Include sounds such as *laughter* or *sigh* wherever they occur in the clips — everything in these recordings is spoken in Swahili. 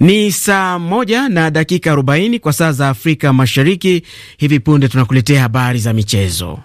Ni saa moja na dakika arobaini kwa saa za Afrika Mashariki. Hivi punde tunakuletea habari za michezo.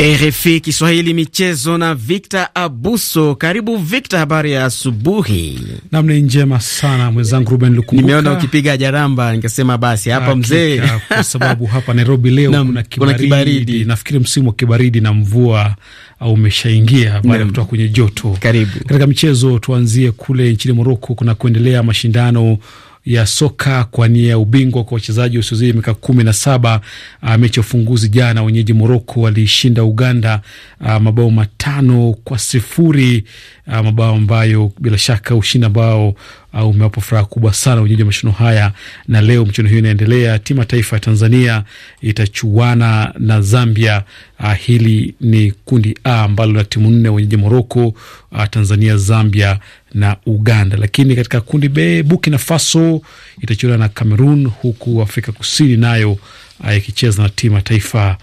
RFI Kiswahili michezo na Victor Abuso. Karibu Victor, habari ya asubuhi. Namna njema sana mwenzangu Ruben Lukumbuka. Nimeona ukipiga jaramba nikasema basi hapa ah, mzee, kwa sababu hapa Nairobi leo *laughs* kuna kibaridi. Nafikiri msimu wa kibaridi na mvua au umeshaingia baada ya kutoka kwenye joto. Karibu katika michezo, tuanzie kule nchini Moroko, kuna kuendelea mashindano ya soka kwa nia ya ubingwa kwa wachezaji wasiozidi miaka kumi na saba. Ah, mechi ya ufunguzi jana, wenyeji Moroko walishinda Uganda ah, mabao matano kwa sifuri, ah, mabao ambayo bila shaka ushindi ambao uh, umewapa furaha kubwa sana wenyeji wa mashindano haya, na leo michuano hiyo inaendelea. Timu ya taifa ya Tanzania itachuana na Zambia. Uh, hili ni kundi A ambalo na timu nne wenyeji Moroko, uh, ah, Tanzania, Zambia na Uganda. Lakini katika kundi B, Burkina Faso itachuana na Cameroon, huku Afrika Kusini nayo ah, ikicheza uh, na timu ya taifa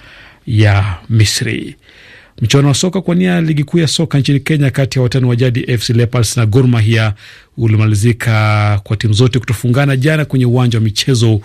ya Misri. Mchuano wa soka kwa nia ligi kuu ya soka nchini Kenya kati ya watani wa jadi FC Leopards na Gor Mahia ulimalizika kwa timu zote kutofungana jana kwenye uwanja wa michezo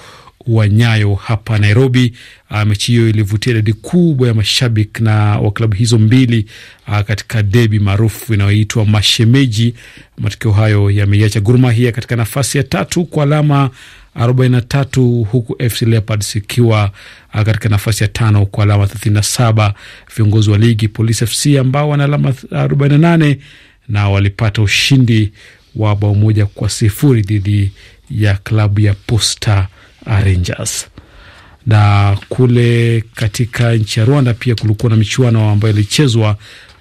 wa Nyayo hapa Nairobi. Ah, mechi hiyo ilivutia idadi kubwa ya mashabiki na wa klabu hizo mbili ah, katika debi maarufu inayoitwa mashemeji. Matokeo hayo yameiacha Gor Mahia katika nafasi ya tatu kwa alama 43 huku FC Leopards ikiwa ah, katika nafasi ya tano kwa alama 37. Viongozi wa ligi Police FC ambao wana alama 48 na walipata ushindi wa bao moja kwa sifuri dhidi ya klabu ya Posta Rangers. Na kule katika nchi ya Rwanda pia kulikuwa na michuano ambayo ilichezwa.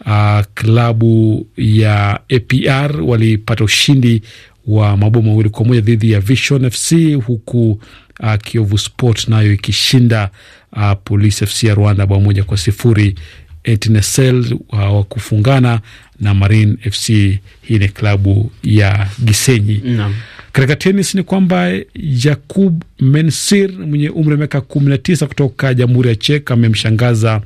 Uh, klabu ya APR walipata ushindi wa mabao mawili kwa moja dhidi ya Vision FC huku uh, Kiovu Sport nayo ikishinda uh, Polisi FC ya Rwanda bao moja kwa sifuri. Etincelles uh, wa kufungana na Marine FC. Hii ni klabu ya Gisenyi. Naam. Katika tenis ni kwamba Jakub Mensir mwenye umri wa miaka kumi na tisa kutoka Jamhuri ya Czech amemshangaza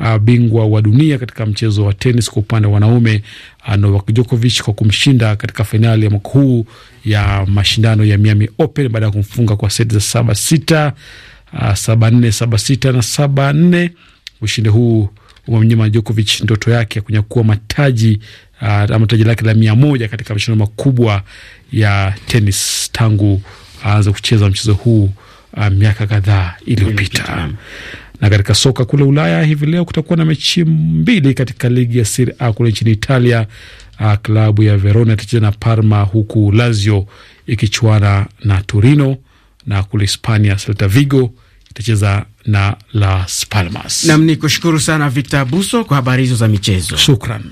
uh, bingwa wa dunia katika mchezo wa tenis kwa upande wa wanaume uh, Novak Djokovic kwa kumshinda katika fainali ya mwaka huu ya mashindano ya Miami Open baada ya kumfunga kwa seti za saba sita, uh, saba nne, saba sita na saba nne. Ushindi huu umemnyima Djokovic ndoto yake ya kunyakua mataji uh, ama taji lake la mia moja katika mashindano makubwa ya tenis tangu aanze uh, kucheza mchezo huu uh, miaka kadhaa iliyopita. Na katika soka kule Ulaya hivi leo kutakuwa na mechi mbili katika ligi ya Serie A kule nchini Italia. Uh, klabu ya Verona itacheza na Parma huku Lazio ikichuana na Torino, na kule Hispania Celta Vigo itacheza na Las Palmas. Nam ni kushukuru sana Victor Buso kwa habari hizo za michezo, shukran.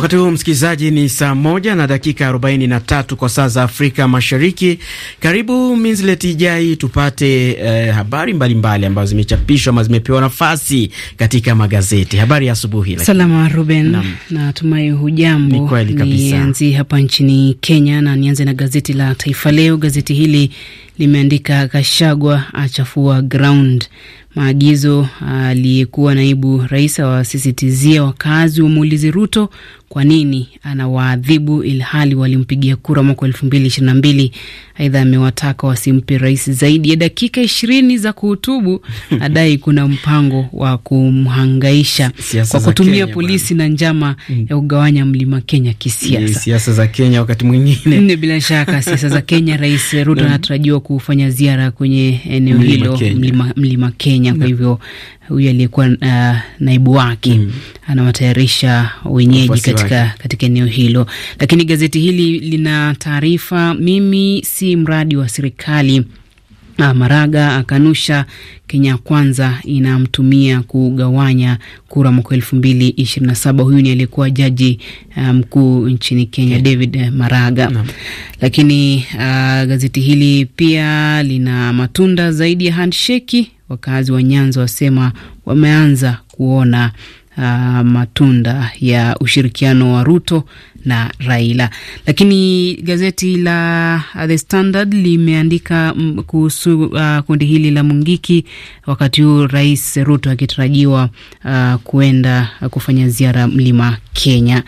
Wakati huu msikilizaji, ni saa moja na dakika tatu kwa saa za Afrika Mashariki. Karibu Minzlet Ijai tupate eh, habari mbalimbali ambazo zimechapishwa ama zimepewa nafasi katika magazeti. Habari ya asubuhi. Salama Ruben, natumai hujambo. Ni kweli kabisa. Nianzie hapa nchini Kenya na nianze na gazeti la Taifa Leo. Gazeti hili limeandika Kashagwa achafua ground maagizo aliyekuwa naibu rais awasisitizia wakazi wamuulizi Ruto kwa nini anawaadhibu ilhali walimpigia kura mwaka elfu mbili ishirini na mbili. Aidha, amewataka wasimpe rais zaidi ya dakika ishirini za kuhutubu, *laughs* adai kuna mpango wa kumhangaisha kwa kutumia Kenya, polisi na njama mm, ya kugawanya mlima Kenya kisiasa. Siasa za Kenya wakati mwingine bila shaka siasa za Kenya. Rais Ruto mm. anatarajiwa kufanya ziara kwenye eneo hilo mlima, mlima Kenya, kwa mm. hivyo huyu aliyekuwa uh, naibu wake mm. anawatayarisha wenyeji katika, katika eneo hilo. Lakini gazeti hili lina taarifa, mimi si mradi wa serikali Maraga akanusha Kenya Kwanza inamtumia kugawanya kura mwaka elfu mbili ishirini na saba. Huyu ni aliyekuwa jaji uh, mkuu um, nchini Kenya yeah, David uh, Maraga no. Lakini uh, gazeti hili pia lina matunda zaidi ya handsheki. Wakazi wa Nyanza wasema wameanza kuona uh, matunda ya ushirikiano wa Ruto na Raila. Lakini gazeti la uh, The Standard limeandika mm, kuhusu uh, kundi hili la Mungiki, wakati huu Rais Ruto akitarajiwa uh, kuenda uh, kufanya ziara mlima Kenya.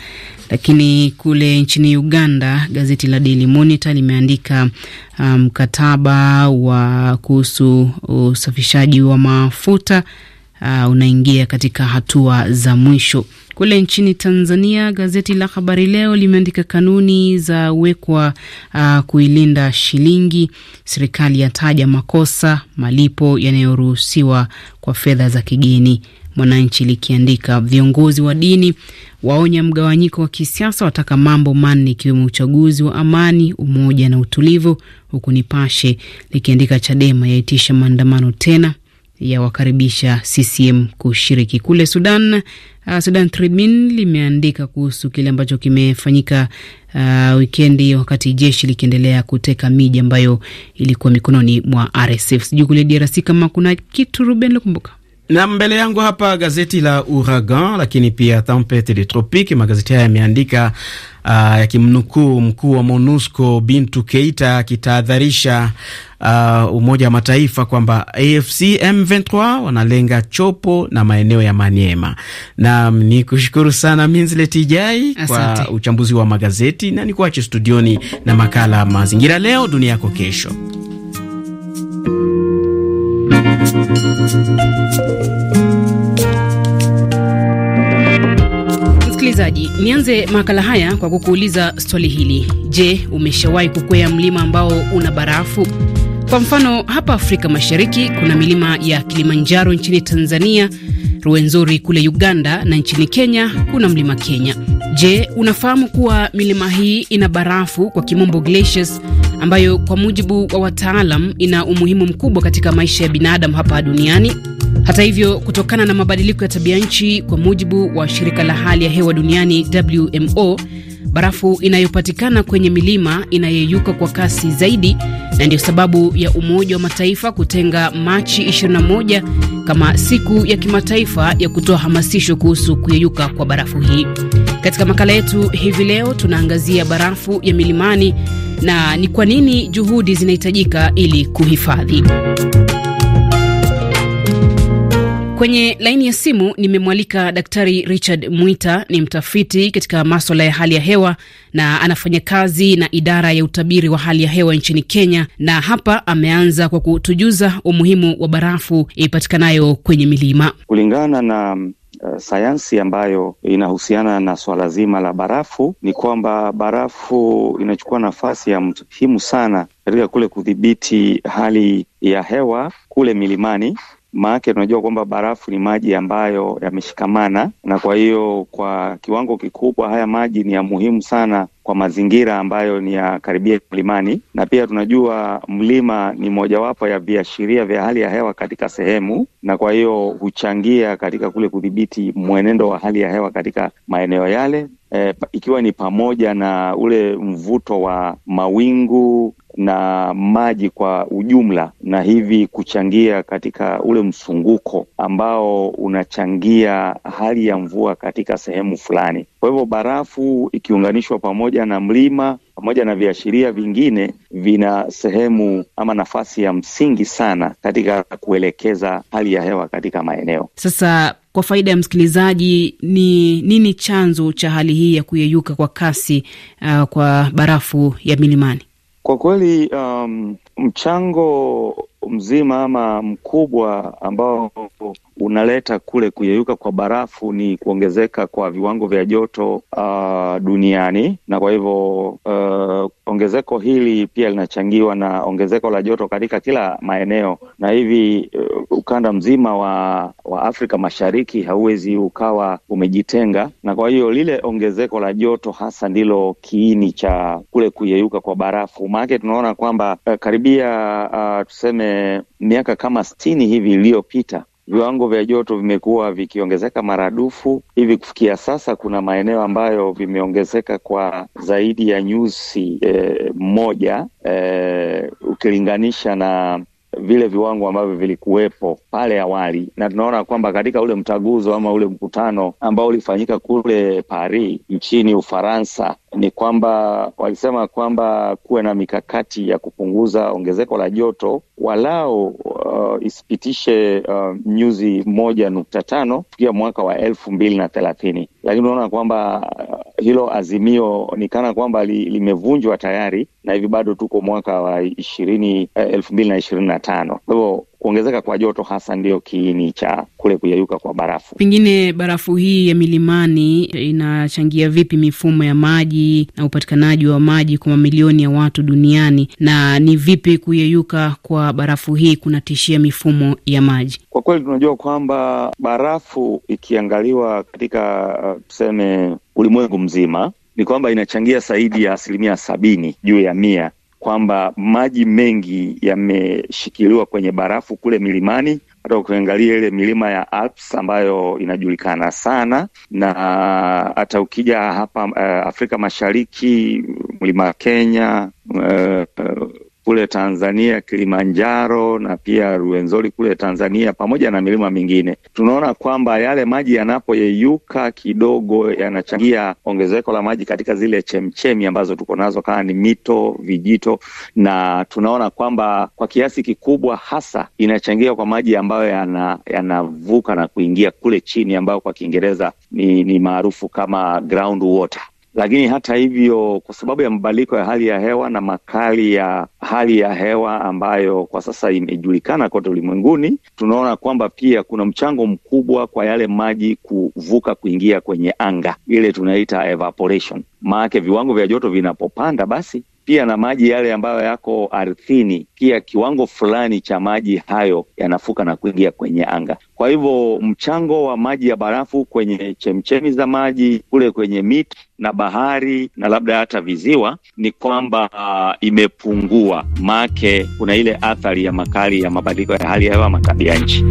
Lakini kule nchini Uganda, gazeti la Daily Monitor limeandika uh, mkataba um, wa kuhusu usafishaji wa mafuta uh, unaingia katika hatua za mwisho. Kule nchini Tanzania, gazeti la Habari Leo limeandika kanuni za wekwa uh, kuilinda shilingi. Serikali yataja makosa malipo yanayoruhusiwa kwa fedha za kigeni. Mwananchi likiandika viongozi wa dini waonya mgawanyiko wa kisiasa, wataka mambo manne ikiwemo uchaguzi wa amani, umoja na utulivu, huku Nipashe likiandika Chadema yaitisha maandamano tena ya wakaribisha CCM kushiriki kule Sudan. Uh, Sudan Tribune limeandika kuhusu kile ambacho kimefanyika uh, wikendi wakati jeshi likiendelea kuteka miji ambayo ilikuwa mikononi mwa RSF. Sijui kule DRC kama kuna kitu Ruben Lukumbuka na mbele yangu hapa gazeti la Uragan, lakini pia Tempete de Tropique. Magazeti haya yameandika uh, yakimnukuu mkuu wa MONUSCO Bintu Keita akitahadharisha uh, Umoja wa Mataifa kwamba AFC M23 wanalenga Chopo na maeneo ya Maniema. Nam ni kushukuru sana Minslet Ijai kwa uchambuzi wa magazeti, na ni kuache studioni na makala Mazingira Leo Dunia Yako Kesho. Msikilizaji, nianze makala haya kwa kukuuliza swali hili. Je, umeshawahi kukwea mlima ambao una barafu? Kwa mfano, hapa Afrika Mashariki kuna milima ya Kilimanjaro nchini Tanzania, Ruwenzori kule Uganda na nchini Kenya kuna mlima Kenya. Je, unafahamu kuwa milima hii ina barafu, kwa kimombo glaciers, ambayo kwa mujibu wa wataalam ina umuhimu mkubwa katika maisha ya binadamu hapa duniani? Hata hivyo, kutokana na mabadiliko ya tabia nchi, kwa mujibu wa shirika la hali ya hewa duniani WMO, barafu inayopatikana kwenye milima inayeyuka kwa kasi zaidi, na ndiyo sababu ya Umoja wa Mataifa kutenga Machi 21 kama siku ya kimataifa ya kutoa hamasisho kuhusu kuyeyuka kwa barafu hii. Katika makala yetu hivi leo tunaangazia barafu ya milimani na ni kwa nini juhudi zinahitajika ili kuhifadhi Kwenye laini ya simu nimemwalika Daktari Richard Mwita, ni mtafiti katika maswala ya hali ya hewa na anafanya kazi na idara ya utabiri wa hali ya hewa nchini Kenya, na hapa ameanza kwa kutujuza umuhimu wa barafu ipatikanayo kwenye milima kulingana na Uh, sayansi ambayo inahusiana na swala zima la barafu ni kwamba barafu inachukua nafasi ya muhimu sana katika kule kudhibiti hali ya hewa kule milimani, maanake tunajua kwamba barafu ni maji ambayo yameshikamana, na kwa hiyo kwa kiwango kikubwa haya maji ni ya muhimu sana kwa mazingira ambayo ni ya karibia mlimani, na pia tunajua mlima ni mojawapo ya viashiria vya hali ya hewa katika sehemu, na kwa hiyo huchangia katika kule kudhibiti mwenendo wa hali ya hewa katika maeneo yale. E, ikiwa ni pamoja na ule mvuto wa mawingu na maji kwa ujumla, na hivi kuchangia katika ule msunguko ambao unachangia hali ya mvua katika sehemu fulani. Kwa hivyo barafu ikiunganishwa pamoja na mlima pamoja na viashiria vingine vina sehemu ama nafasi ya msingi sana katika kuelekeza hali ya hewa katika maeneo. Sasa, kwa faida ya msikilizaji, ni nini chanzo cha hali hii ya kuyeyuka kwa kasi uh, kwa barafu ya milimani? Kwa kweli um, mchango mzima ama mkubwa ambao unaleta kule kuyeyuka kwa barafu ni kuongezeka kwa viwango vya joto uh, duniani, na kwa hivyo uh, ongezeko hili pia linachangiwa na ongezeko la joto katika kila maeneo, na hivi uh, ukanda mzima wa, wa Afrika Mashariki hauwezi ukawa umejitenga, na kwa hiyo lile ongezeko la joto hasa ndilo kiini cha kule kuyeyuka kwa barafu. Maanake tunaona kwamba uh, karibia uh, tuseme miaka kama stini hivi iliyopita viwango vya joto vimekuwa vikiongezeka maradufu hivi kufikia sasa, kuna maeneo ambayo vimeongezeka kwa zaidi ya nyuzi eh, moja eh, ukilinganisha na vile viwango ambavyo vilikuwepo pale awali, na tunaona kwamba katika ule mtaguzo ama ule mkutano ambao ulifanyika kule Paris nchini Ufaransa ni kwamba walisema kwamba kuwe na mikakati ya kupunguza ongezeko la joto walao uh, isipitishe uh, nyuzi moja nukta tano kufikia mwaka wa elfu mbili na thelathini, lakini unaona kwamba hilo azimio ni kana kwamba li, limevunjwa tayari na hivi bado tuko mwaka wa ishirini eh, elfu mbili na ishirini na tano kwa hivyo kuongezeka kwa joto hasa ndiyo kiini cha kule kuyayuka kwa barafu. Pengine barafu hii ya milimani inachangia vipi mifumo ya maji na upatikanaji wa maji kwa mamilioni ya watu duniani, na ni vipi kuyeyuka kwa barafu hii kunatishia mifumo ya maji? Kwa kweli tunajua kwamba barafu ikiangaliwa katika uh, tuseme, ulimwengu mzima ni kwamba inachangia zaidi ya asilimia sabini juu ya mia kwamba maji mengi yameshikiliwa kwenye barafu kule milimani. Hata ukiangalia ile milima ya Alps ambayo inajulikana sana, na hata ukija hapa uh, Afrika Mashariki, mlima wa Kenya uh, uh, kule Tanzania, Kilimanjaro na pia Ruenzori kule Tanzania, pamoja na milima mingine, tunaona kwamba yale maji yanapoyeyuka kidogo yanachangia ongezeko la maji katika zile chemchemi ambazo tuko nazo kama ni mito, vijito, na tunaona kwamba kwa kiasi kikubwa hasa inachangia kwa maji ambayo yanavuka na kuingia kule chini, ambayo kwa Kiingereza ni, ni maarufu kama lakini hata hivyo, kwa sababu ya mabadiliko ya hali ya hewa na makali ya hali ya hewa ambayo kwa sasa imejulikana kote ulimwenguni, tunaona kwamba pia kuna mchango mkubwa kwa yale maji kuvuka kuingia kwenye anga, ile tunaita evaporation. Maanake viwango vya joto vinapopanda, basi pia na maji yale ambayo yako ardhini, pia kiwango fulani cha maji hayo yanafuka na kuingia kwenye anga. Kwa hivyo mchango wa maji ya barafu kwenye chemchemi za maji kule kwenye miti na bahari na labda hata viziwa ni kwamba uh, imepungua, make kuna ile athari ya makali ya mabadiliko ya hali ya hewa na ya nchi.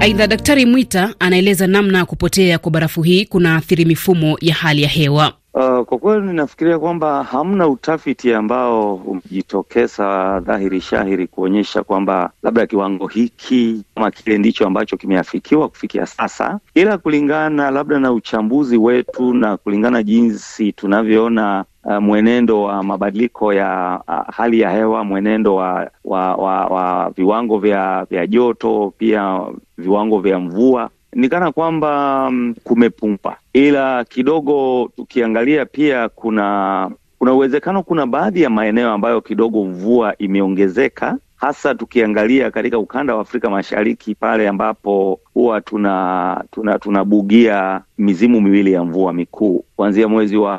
Aidha, Daktari Mwita anaeleza namna ya kupotea kwa barafu hii kunaathiri mifumo ya hali ya hewa. Uh, kwa kweli ninafikiria kwamba hamna utafiti ambao umejitokeza dhahiri shahiri kuonyesha kwamba labda kiwango hiki kama kile ndicho ambacho kimeafikiwa kufikia sasa, ila kulingana labda na uchambuzi wetu na kulingana jinsi tunavyoona Uh, mwenendo wa mabadiliko ya uh, hali ya hewa, mwenendo wa wa, wa, wa viwango vya vya joto, pia viwango vya mvua ni kana kwamba mm, kumepumpa, ila kidogo tukiangalia pia kuna kuna uwezekano, kuna baadhi ya maeneo ambayo kidogo mvua imeongezeka hasa tukiangalia katika ukanda wa Afrika Mashariki pale ambapo huwa tuna tunabugia tuna mizimu miwili ya mvua mikuu kuanzia mwezi wa,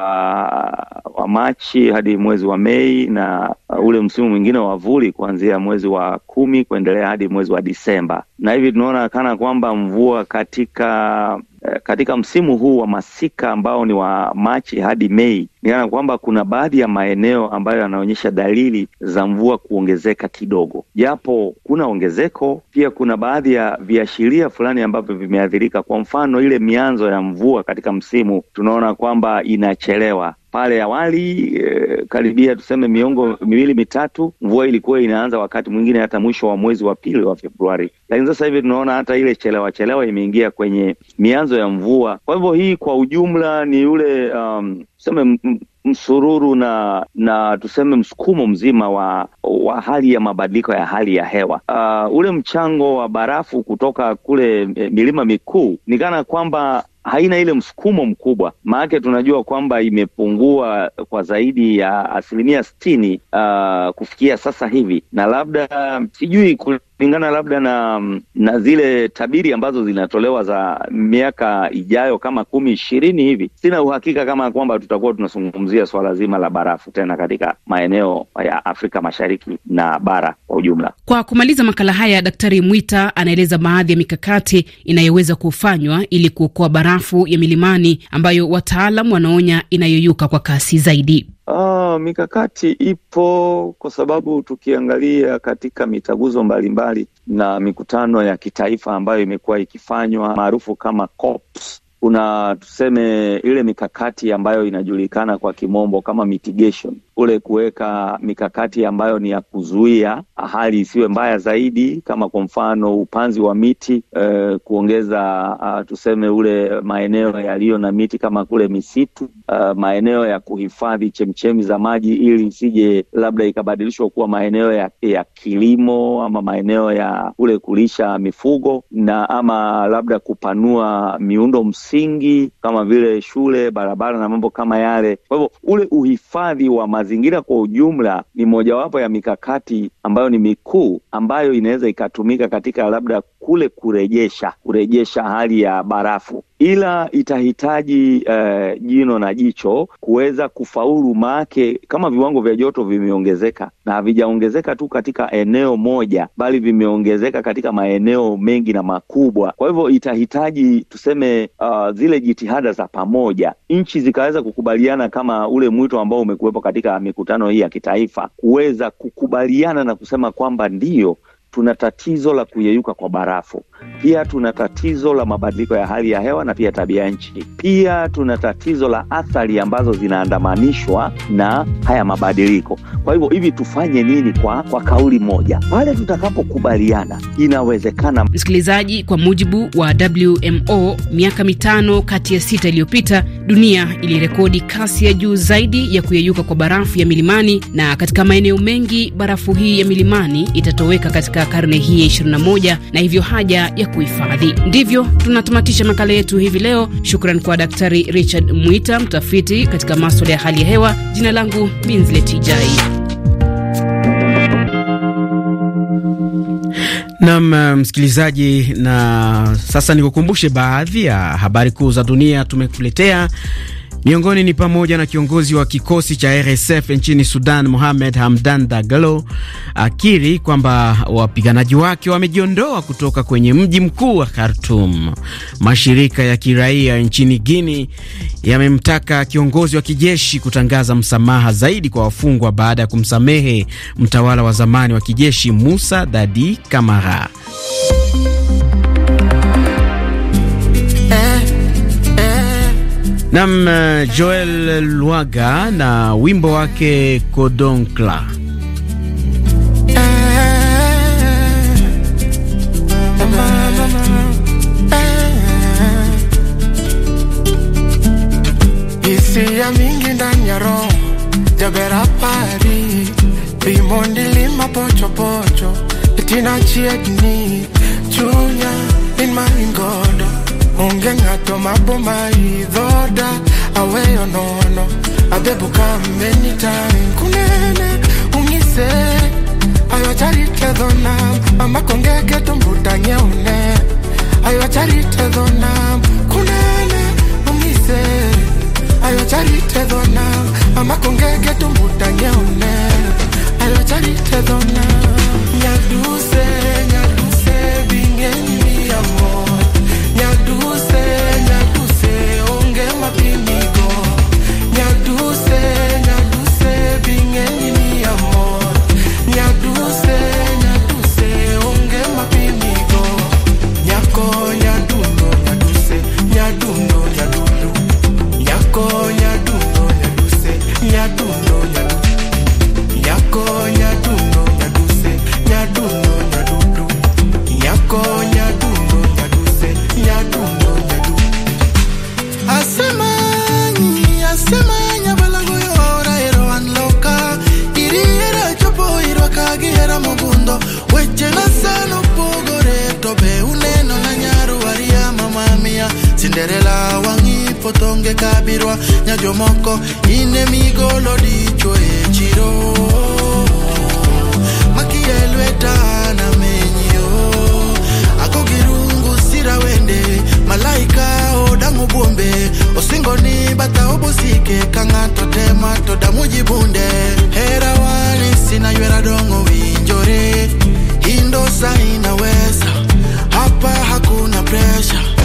wa Machi hadi mwezi wa Mei na ule msimu mwingine wa vuli kuanzia mwezi wa kumi kuendelea hadi mwezi wa Disemba, na hivi tunaona kana kwamba mvua katika Eh, katika msimu huu wa masika ambao ni wa Machi hadi Mei, niana kwamba kuna baadhi ya maeneo ambayo yanaonyesha dalili za mvua kuongezeka kidogo, japo kuna ongezeko pia. Kuna baadhi ya viashiria fulani ambavyo vimeathirika. Kwa mfano, ile mianzo ya mvua katika msimu tunaona kwamba inachelewa pale awali e, karibia tuseme miongo miwili mitatu, mvua ilikuwa inaanza wakati mwingine hata mwisho wa mwezi wa pili wa Februari, lakini sasa hivi tunaona hata ile chelewa chelewa imeingia kwenye mianzo ya mvua. Kwa hivyo hii kwa ujumla ni ule um, tuseme msururu na na tuseme msukumo mzima wa wa hali ya mabadiliko ya hali ya hewa. Uh, ule mchango wa barafu kutoka kule eh, milima mikuu ni kana kwamba haina ile msukumo mkubwa, maanake tunajua kwamba imepungua kwa zaidi ya asilimia sitini uh, kufikia sasa hivi, na labda sijui kulingana labda na, na zile tabiri ambazo zinatolewa za miaka ijayo kama kumi ishirini hivi, sina uhakika kama kwamba tutakuwa tunazungumzia swala zima la barafu tena katika maeneo ya Afrika Mashariki na bara kwa ujumla. Kwa kumaliza makala haya, Daktari Mwita anaeleza baadhi ya mikakati inayoweza kufanywa ili kuokoa barafu ya milimani ambayo wataalam wanaonya inayoyuka kwa kasi zaidi. Oh, mikakati ipo kwa sababu tukiangalia katika mitaguzo mbalimbali na mikutano ya kitaifa ambayo imekuwa ikifanywa maarufu kama COPs, kuna tuseme ile mikakati ambayo inajulikana kwa kimombo kama mitigation kule kuweka mikakati ambayo ni ya kuzuia hali isiwe mbaya zaidi, kama kwa mfano upanzi wa miti e, kuongeza a, ah, tuseme ule maeneo yaliyo na miti kama kule misitu a, eh, maeneo ya kuhifadhi chemchemi za maji ili isije labda ikabadilishwa kuwa maeneo ya, ya kilimo ama maeneo ya kule kulisha mifugo na ama labda kupanua miundo msingi kama vile shule, barabara na mambo kama yale. Kwa hivyo ule uhifadhi wa mazingira kwa ujumla ni mojawapo ya mikakati ambayo ni mikuu ambayo inaweza ikatumika katika labda kule kurejesha kurejesha hali ya barafu, ila itahitaji uh, jino na jicho kuweza kufaulu, maake kama viwango vya joto vimeongezeka na havijaongezeka tu katika eneo moja, bali vimeongezeka katika maeneo mengi na makubwa. Kwa hivyo itahitaji tuseme, uh, zile jitihada za pamoja, nchi zikaweza kukubaliana, kama ule mwito ambao umekuwepo katika mikutano hii ya kitaifa, kuweza kukubaliana na kusema kwamba ndiyo tuna tatizo la kuyeyuka kwa barafu, pia tuna tatizo la mabadiliko ya hali ya hewa na pia tabia nchi, pia tuna tatizo la athari ambazo zinaandamanishwa na haya mabadiliko. Kwa hivyo hivi tufanye nini? Kwa, kwa kauli moja pale tutakapokubaliana, inawezekana. Msikilizaji, kwa mujibu wa WMO, miaka mitano kati ya sita iliyopita dunia ilirekodi kasi ya juu zaidi ya kuyeyuka kwa barafu ya milimani, na katika maeneo mengi barafu hii ya milimani itatoweka katika katika karne hii ya 21 na hivyo haja ya kuhifadhi. Ndivyo tunatamatisha makala yetu hivi leo. Shukran kwa Daktari Richard Mwita, mtafiti katika maswala ya hali ya hewa. Jina langu Minzleti Nam msikilizaji, na sasa nikukumbushe baadhi ya habari kuu za dunia tumekuletea Miongoni ni pamoja na kiongozi wa kikosi cha RSF nchini Sudan, Mohamed Hamdan Dagalo akiri kwamba wapiganaji wake wamejiondoa kutoka kwenye mji mkuu wa khartum Mashirika ya kiraia nchini Guinea yamemtaka kiongozi wa kijeshi kutangaza msamaha zaidi kwa wafungwa baada ya kumsamehe mtawala wa zamani wa kijeshi Musa Dadi Kamara. Nam uh, Joel Lwaga na wimbo wake Kodonkla. Hisia mingi ndani ya roho itinachiedni chunya Nge ngato maboma idhoda Aweyo nono Abebuka anytime Kunene ungise Ayo dhonam Mama tumbuta nyeune Ayo dhonam Kunene ungise Ayo charite dhonam Mama kongeke tumbuta nyeune Ayo charite dhonam Nyaduse Cinderella wangi potonge kabirwa nya jomoko ine migolo dicho e chiro makielwe tana menyo ako girungu sira wende malaika odamu bombe osingo ni bata obusike kangato tema to damu jibunde hera wali sina yera dongo winjore indo saina wesa hapa hakuna pressure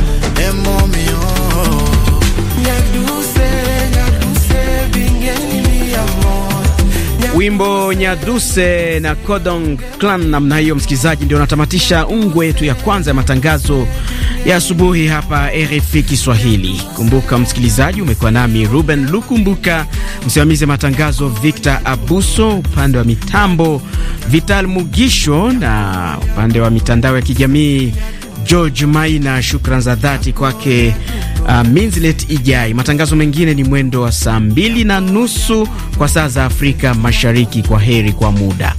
Wimbo Nyaduse na Kodong Clan. Namna hiyo, msikilizaji, ndio unatamatisha ungwe yetu ya kwanza ya matangazo ya asubuhi hapa RFI Kiswahili. Kumbuka msikilizaji, umekuwa nami Ruben Lukumbuka, msimamizi wa matangazo Victor Abuso, upande wa mitambo Vital Mugisho, na upande wa mitandao ya kijamii George Maina, shukran za dhati kwake. Uh, Minslet Ijai. Matangazo mengine ni mwendo wa saa mbili na nusu kwa saa za Afrika Mashariki. Kwa heri kwa muda.